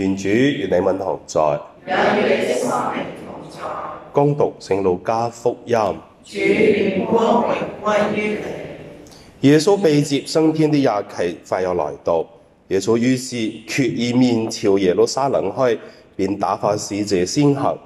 原主與你們同在，也與你的心靈同在。恭讀聖路加福音，主，願光榮歸於你。耶穌被接升天的日期快要來到，耶穌於是決意面朝耶路撒冷去，便打發使者先行。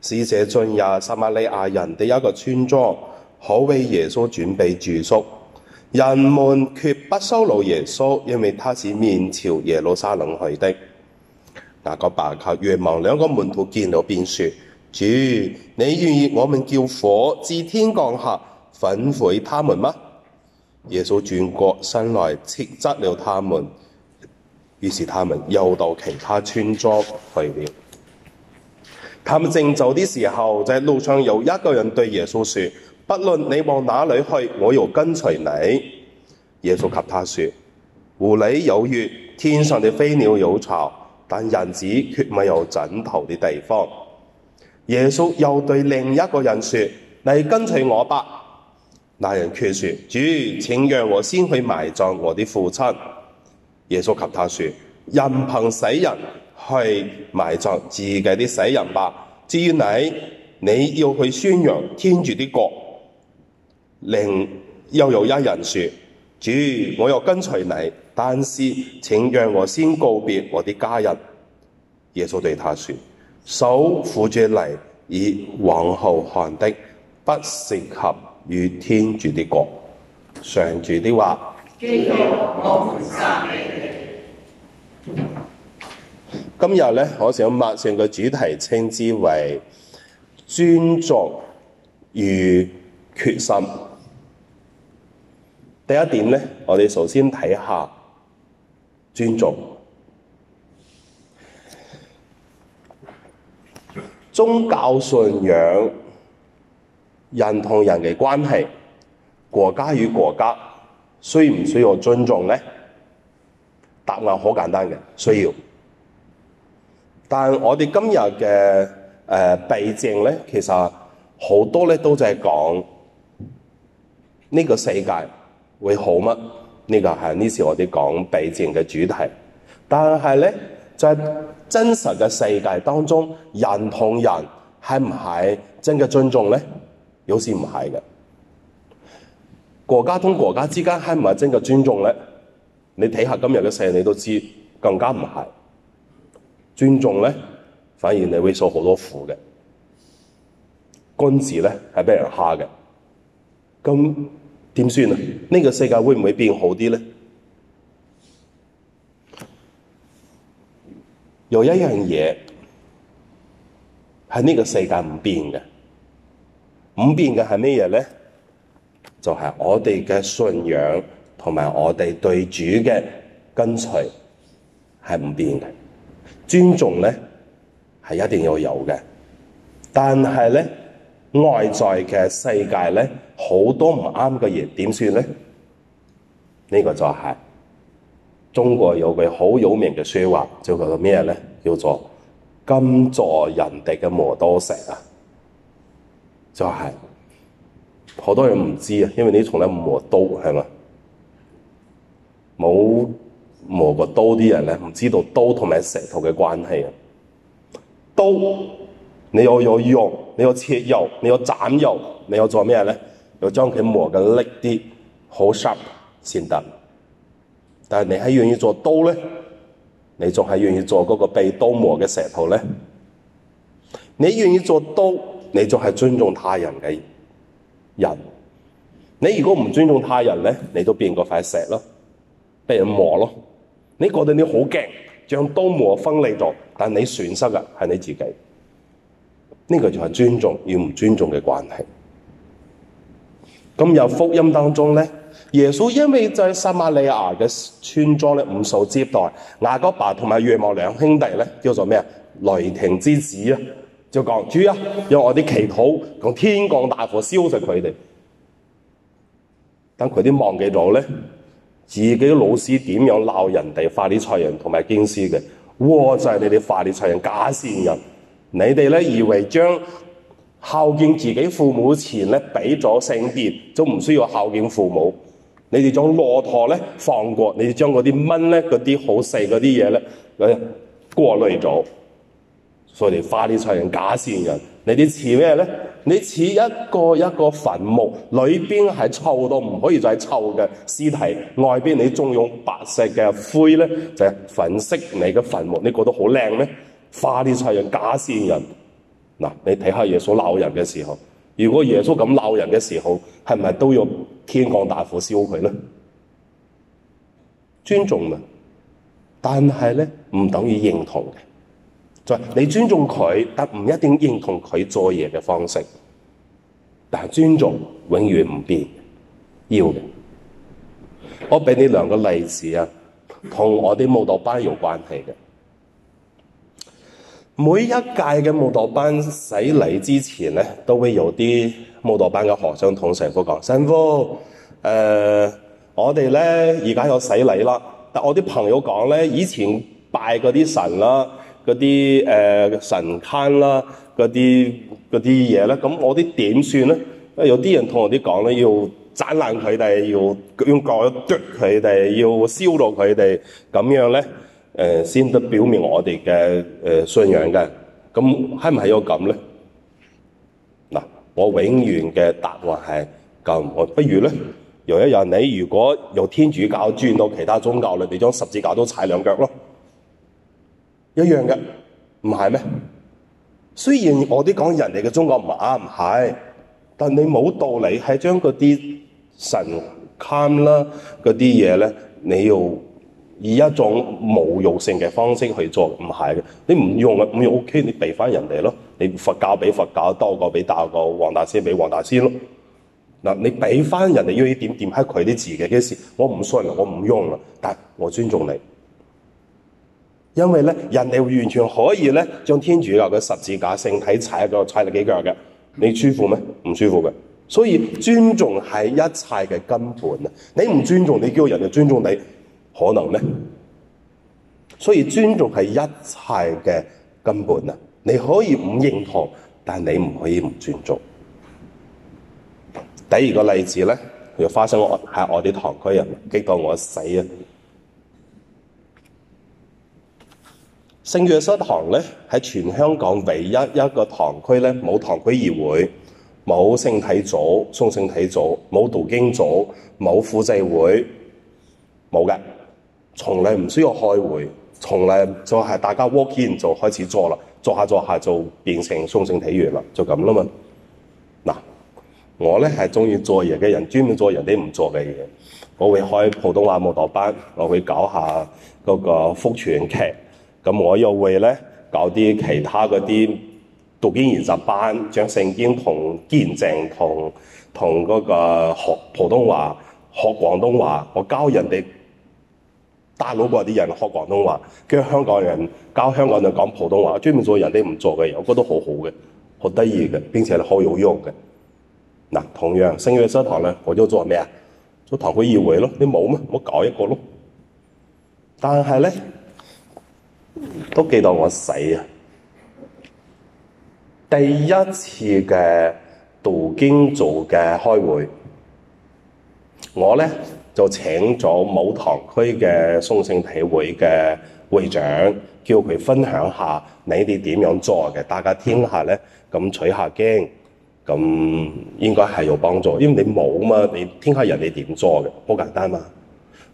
使者進入撒瑪利亞人的一個村莊，可為耶穌準備住宿。人們決不收留耶穌，因為他是面朝耶路撒冷去的。大哥伯、若望兩個門徒見到，便說：主，你願意我們叫火自天降下，焚毀他們嗎？耶穌轉過身來斥責了他們。於是他們又到其他村莊去了。他們正走的時候，在路上有一個人對耶穌說：不論你往哪裏去，我要跟隨你。耶穌給他說：狐狸有穴，天上的飛鳥有巢。但人子卻沒有枕頭的地方。耶穌又對另一個人說：你跟隨我吧。那人卻說：主，請讓我先去埋葬我的父親。耶穌給他說：任憑死人去埋葬自己的死人吧。至於你，你要去宣揚天主的國。另又有一人說：主，我要跟隨你。但是，請讓我先告別我的家人。耶穌對他說：手扶着犁以往後看的，不適合與天主的國、上主的話。今日呢，我想默上嘅主題稱之為尊重與決心。第一點呢，我們首先睇下。尊重宗教信仰，人同人嘅關係，國家與國家，需唔需要尊重呢？答案好簡單嘅，需要。但我哋今日嘅誒避靜咧，其實好多咧都係講呢、這個世界會好乜？呢個係呢次我哋講避靜嘅主題，但係咧，在、就係、真實嘅世界當中，人同人係唔係真嘅尊重咧？有時唔係嘅。國家同國家之間係唔係真嘅尊重咧？你睇下今日嘅世界，你都知更加唔係。尊重咧，反而你會受好多苦嘅。君子咧係俾人蝦嘅，咁。點算啊？呢、這個世界會唔會變好啲呢？有一樣嘢係，呢個世界唔變嘅，唔變嘅係咩嘢呢？就係、是、我哋嘅信仰同埋我哋對主嘅跟隨係唔變嘅。尊重呢係一定要有嘅，但係呢。外在嘅世界咧，好多唔啱嘅嘢，點算咧？呢、呢個就係中國有句好有名嘅説話就，叫做咩咧？叫做金助人哋嘅磨刀石啊！就係好多人唔知啊，因為你從來唔磨刀係嘛？冇磨過刀啲人咧，唔知道刀同埋石頭嘅關係啊，刀。你要有用，你要切肉，你要斬肉，你要做咩呢？要將佢磨的力啲，好 sharp 先得。但係你係願意做刀呢？你仲係願意做嗰個被刀磨嘅石頭呢？你願意做刀，你就係尊重他人嘅人。你如果唔尊重他人呢，你都變個塊石咯，被人磨咯。你覺得你好驚將刀磨鋒利咗，但你損失的是你自己。呢個就係尊重與唔尊重嘅關係。那麼有福音當中呢，耶穌因為在撒馬里亞的村莊咧，唔受接待。雅各伯同埋約望兩兄弟呢，叫做咩雷霆之子啊，就講，主啊，用我啲祈禱，講天降大火燒死他們，但他們忘記了呢自己的老師點樣鬧人哋法利賽人同埋經師嘅我、哦、就係你哋法利賽人假善人。你哋咧以為將孝敬自己父母錢咧俾咗聖殿，就唔需要孝敬父母。你哋將駱駝咧放過，你哋將嗰啲蚊咧嗰啲好細嗰啲嘢咧過濾咗，所以你花啲出嚟假善人。你哋似咩咧？你似一個一個墳墓，裏邊係臭到唔可以再臭嘅屍體，外邊你仲用白色嘅灰咧，就係粉飾你嘅墳墓，你覺得好靚咩？化啲出人假善人嗱，你睇下耶穌鬧人嘅時候，如果耶穌咁鬧人嘅時候，係咪都要天降大火燒佢咧？尊重啊，但係咧唔等於認同嘅，就係你尊重佢，但唔一定認同佢做嘢嘅方式。但係尊重永遠唔變，要嘅。我俾你兩個例子啊，同我啲舞蹈班有關係嘅。每一屆嘅慕道班洗禮之前咧，都會有啲慕道班嘅學生同神父講：神父，誒、呃，我哋咧而家有洗禮啦。但我啲朋友講咧，以前拜嗰啲神啦，嗰啲誒神龕啦，嗰啲嗰啲嘢咧，咁我啲點算咧？有啲人同我啲講咧，要斬爛佢哋，要用鑼剁佢哋，要燒落佢哋，咁樣咧？誒先得表明我哋嘅、呃、信仰嘅，咁係唔係有咁咧？嗱，我永遠嘅答案係咁，我不如咧，有一日，你如果由天主教轉到其他宗教，你哋將十字架都踩兩腳咯，一樣嘅，唔係咩？雖然我啲講人哋嘅宗教唔啱唔係，但你冇道理係將嗰啲神龕啦，嗰啲嘢咧，你要。以一種侮辱性嘅方式去做，唔係嘅。你唔用啊，唔 OK，你俾翻人哋咯。你佛教俾佛教多過俾大個黃大仙俾黃大仙咯。嗱，你俾翻人哋要一點點黑佢啲字嘅嘅時，我唔信我唔用，但我尊重你。因為咧，人哋完全可以咧，將天主教嘅十字架聖體踩咗踩你幾腳嘅，你舒服咩？唔舒服嘅。所以尊重係一切嘅根本啊！你唔尊重，你叫人哋尊重你。可能呢，所以尊重係一切嘅根本啊！你可以唔認同，但係你唔可以唔尊重。第二個例子咧，譬如發生喺我哋堂區入面，激到我死啊！ 聖約瑟堂咧喺全香港唯一一個堂區咧，冇堂區議會，冇聖體組、送聖體組，冇讀經組，冇輔祭會。冇嘅，從來唔需要開會，從來就係大家 work in 就開始做啦，做下做下就變成雙性體育啦，就咁啦嘛。嗱，我咧係中意做嘢嘅人，專門做人哋唔做嘅嘢。我會開普通話舞蹈班，我會搞下嗰個福傳劇，咁我又會咧搞啲其他嗰啲讀經研習班，將聖經同見證同同嗰個學普通話、學廣東話，我教人哋。大陸嗰啲人學廣東話，跟香港人教香港人講普通話，專門做人哋唔做嘅嘢，我覺得好好嘅，好得意嘅，並且好有用嘅。嗱，同樣聖若瑟堂咧，我就做咩啊？做堂會議會咯，你冇咩？我搞一個咯。但係咧，都記當我死啊！第一次嘅讀經做嘅開會，我咧。就請咗武堂區嘅送聖體會嘅會長，叫佢分享下你哋點樣做嘅，大家聽下咧，咁取下經，咁應該係有幫助。因為你冇嘛，你聽下人哋點做嘅？好簡單嘛。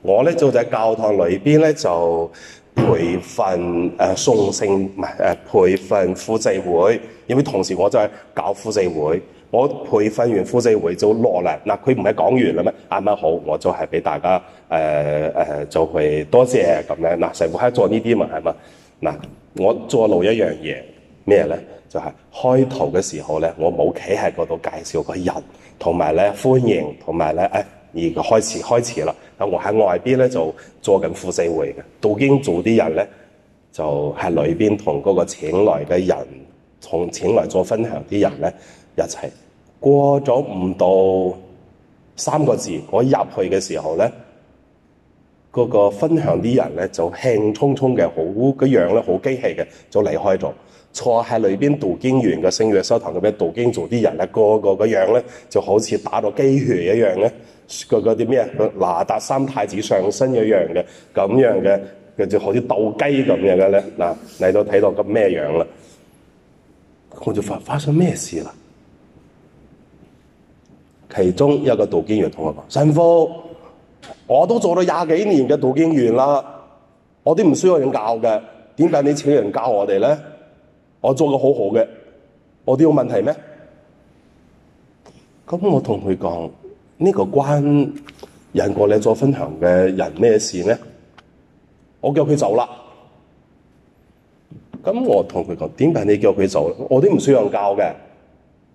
我咧就喺教堂裏邊咧就培訓誒、呃、送聖，唔係誒培訓輔祭會，因為同時我就係搞輔祭會。我培訓完副社會就落嚟，嗱，佢唔係講完啦咩？啱、嗯、啱好，我就係俾大家誒誒、呃呃，就去多謝咁樣。嗱、呃，成日喺度做呢啲嘛係嘛？嗱、呃，我做漏一樣嘢咩咧？就係、是、開頭嘅時候咧，我冇企喺嗰度介紹個人，同埋咧歡迎，同埋咧誒而家開始開始啦、呃。我喺外邊咧就做緊副社會嘅，到經做啲人咧就喺裏邊同嗰個請來嘅人同請來做分享啲人咧一齊。過咗唔到三個字，我入去嘅時候咧，個個分享啲人咧就興沖沖嘅，好嘅樣咧，好機器嘅就離開咗。坐喺裏邊讀經員嘅聖約收堂度，咩讀經做啲人咧，個個嘅樣咧就好似打到雞血一樣呢個個啲咩啊哪吒三太子上身一樣嘅，咁樣嘅，佢就好似鬥雞咁樣嘅咧。嗱嚟到睇到咁咩樣啦？我就發，發生咩事啦？其中一個讀經員同我講：神父，我都做咗廿幾年嘅讀經員啦，我啲唔需要人教嘅，點解你請人教我哋呢？我做嘅好好嘅，我啲有問題咩？咁我同佢講，呢、這個關人過嚟做分享嘅人咩事呢？我叫佢走啦。咁我同佢講，點解你叫佢走？我啲唔需要人教嘅。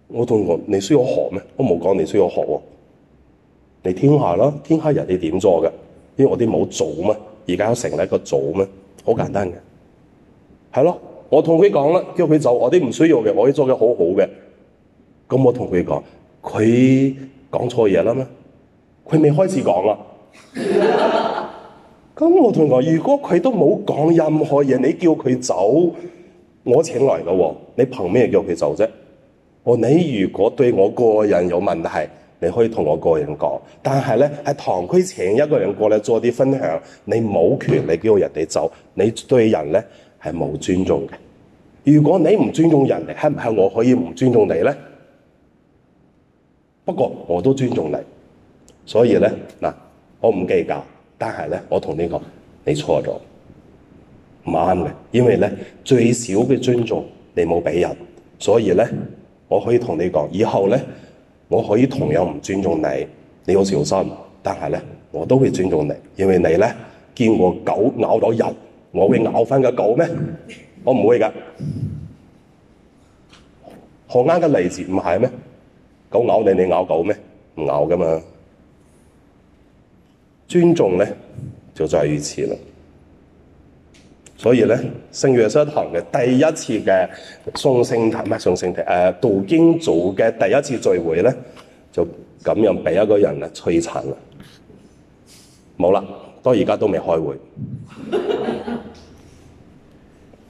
我同佢講，你需要學咩？我冇講你需要學喎、啊。你聽下啦，聽下人哋點做嘅。因為我哋冇組嘛，而家成立一個組咩？好簡單嘅，係咯。我同佢講啦，叫佢走，我啲唔需要嘅，我啲做得好好嘅。咁我同佢講，佢講錯嘢啦咩？佢未開始講啊。咁 我同佢講，如果佢都冇講任何嘢，你叫佢走，我請來喎。你憑咩叫佢走啫？你如果對我個人有問題，你可以同我個人講。但係咧，係堂區請一個人過嚟做啲分享，你冇權利叫人哋走，你對人咧係冇尊重嘅。如果你唔尊重人哋，係唔係我可以唔尊重你咧？不過我都尊重你，所以咧嗱，我唔計較。但係咧，我同你講，你錯咗，唔啱嘅，因為咧最少嘅尊重你冇俾人，所以咧。我可以同你講，以後呢，我可以同樣唔尊重你，你要小心。但係呢，我都會尊重你，因為你呢，見過狗咬咗人，我會咬翻個狗咩？我唔會㗎。好啱嘅例子唔係咩？狗咬你，你咬狗咩？唔咬㗎嘛。尊重呢，就在於此了。所以咧，聖約瑟堂嘅第一次嘅送聖體唔係送聖體，誒讀經組嘅第一次聚會咧，就咁樣俾一個人咧摧殘啦。冇啦，到而家都未開會。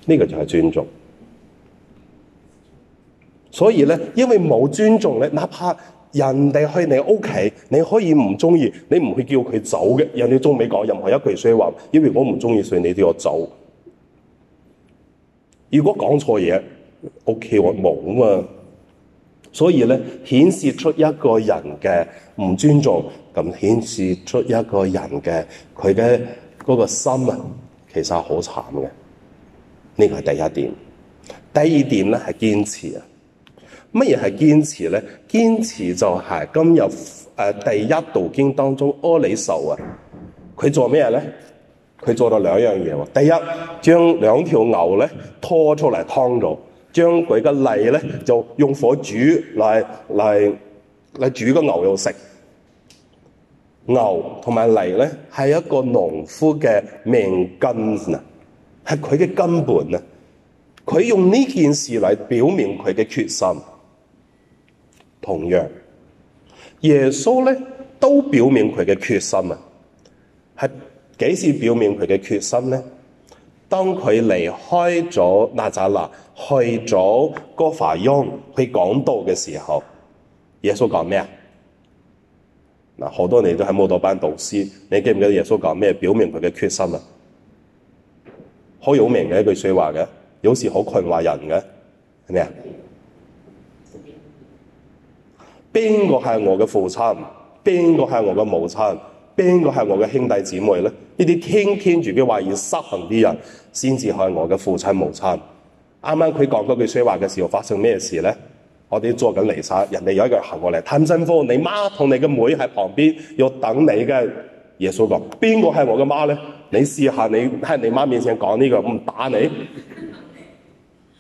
呢 個就係尊重。所以咧，因為冇尊重咧，哪怕人哋去你屋企，你可以唔中意，你唔去叫佢走嘅，人哋仲未講任何一句説話，因為我唔中意所以你都要我走。如果講錯嘢，屋企我冇啊嘛，所以咧顯示出一個人嘅唔尊重，咁顯示出一個人嘅佢嘅嗰個心啊，其實好慘嘅。呢、這個係第一點。第二點咧係堅持啊。乜嘢係堅持咧？堅持就係今日誒、呃、第一道經當中厄裡、哦、叟啊，佢做咩咧？佢做到兩樣嘢。第一，將兩條牛咧拖出嚟劏咗，將佢嘅脷咧就用火煮嚟嚟嚟煮個牛肉食。牛同埋脷咧係一個農夫嘅命根啊，係佢嘅根本啊。佢用呢件事嚟表明佢嘅決心。同樣，耶穌咧都表明佢嘅決心啊，係。幾時表明佢嘅決心咧？當佢離開咗拿扎勒，去咗哥法雍去講道嘅時候，耶穌講咩啊？嗱，好多你都喺舞蹈班讀書，你記唔記得耶穌講咩？表明佢嘅決心啊，好有名嘅一句説話嘅，有時好困惑人嘅，係咪啊？邊個係我嘅父親？邊個係我嘅母親？邊個係我嘅兄弟姊妹咧？呢啲聽天主嘅話要實行啲人，先至係我嘅父親母親。啱啱佢講多句說話嘅時候，發生咩事咧？我哋坐緊離差，人哋有一個人行過嚟，探神父，你媽同你嘅妹喺旁邊，要等你嘅。耶穌講：邊個係我嘅媽咧？你試下你喺你媽面前講呢個，唔打你。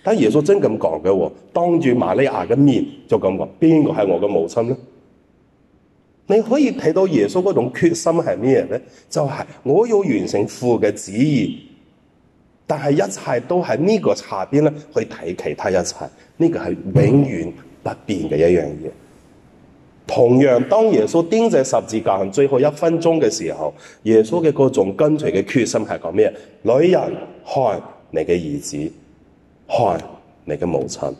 但耶穌真咁講嘅喎，當住瑪利亞嘅面就咁講：邊個係我嘅母親咧？你可以睇到耶穌嗰種決心係咩呢？就係、是、我要完成父嘅旨意，但係一切都喺呢個下面去睇其他一切。呢、這個係永遠不變嘅一樣嘢。同樣當耶穌釘喺十字架最後一分鐘嘅時候，耶穌嘅嗰種跟隨嘅決心係講咩？女人看你嘅兒子，看你嘅母親。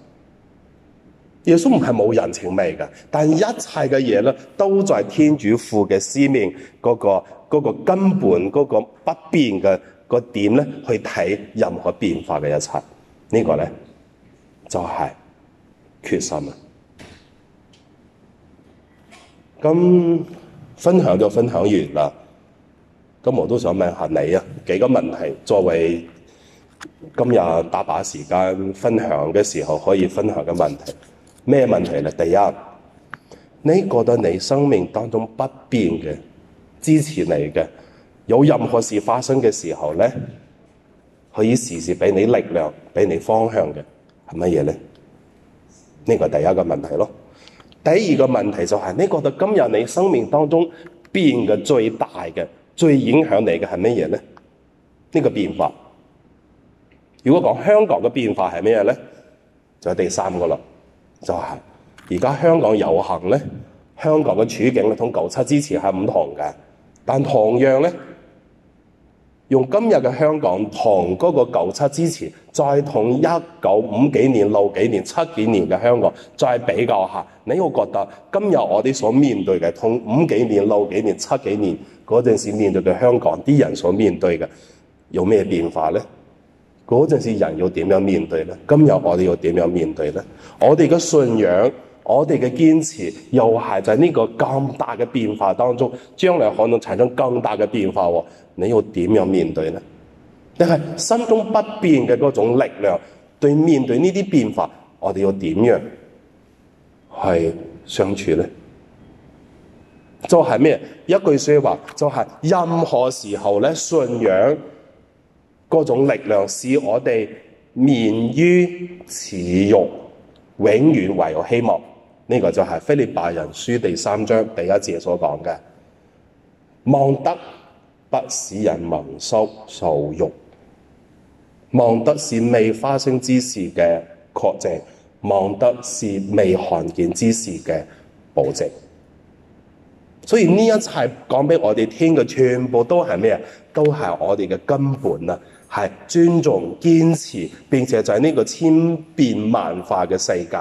耶穌唔係冇人情味嘅，但一切嘅嘢咧，都係天主父嘅使命，嗰、嗰個、嗰個根本嗰、嗰個不變嘅、嗰個點咧，去睇任何變化嘅一切。這個、呢個咧就係、是、決心啊！咁分享就分享完啦，咁我都想問下你啊，幾個問題作為今日大把時間分享嘅時候可以分享嘅問題。咩問題咧？第一，你覺得你生命當中不變嘅、支持你嘅，有任何事發生嘅時候咧，可以時時俾你力量、俾你方向嘅，係乜嘢咧？呢、這個係第一個問題咯。第二個問題就係、是、你覺得今日你生命當中變嘅最大嘅、最影響你嘅係乜嘢咧？呢、這個變化。如果講香港嘅變化係咩咧？就是、第三個啦。就係而家香港遊行呢，香港嘅處境同九七之前係唔同嘅，但同樣呢，用今日嘅香港同嗰個九七之前，再同一九五幾年、六幾年、七幾年嘅香港再比較下，你會覺得今日我哋所面對嘅同五幾年、六幾年、七幾年嗰陣時面對嘅香港啲人所面對嘅有咩變化呢？嗰陣時人要點樣面對呢？今日我哋要點樣面對呢？我哋嘅信仰，我哋嘅堅持，又係在呢個咁大嘅變化當中，將來可能產生更大嘅變化喎。你要點樣面對呢？但係心中不變嘅嗰種力量，對面對呢啲變化，我哋要點樣去相處呢？就係咩？一句説話就係任何時候咧，信仰。各種力量使我哋免於恥辱，永遠懷有希望。呢、這個就係《菲律拜人書》第三章第一節所講嘅：望得不使人蒙羞受辱，望得是未發生之事嘅確證，望得是未看見之事嘅保證。所以呢一切講俾我哋聽嘅，全部都係咩啊？都係我哋嘅根本啊！係尊重、堅持，並且就喺呢個千變萬化嘅世界，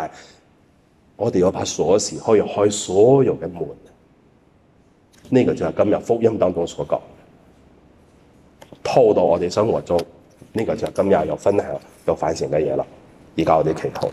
我哋有把鎖匙可以開所有嘅門。呢個就係今日福音當中所講，套到我哋生活中，呢個就係今日有分享有反省嘅嘢啦。而家我哋祈禱。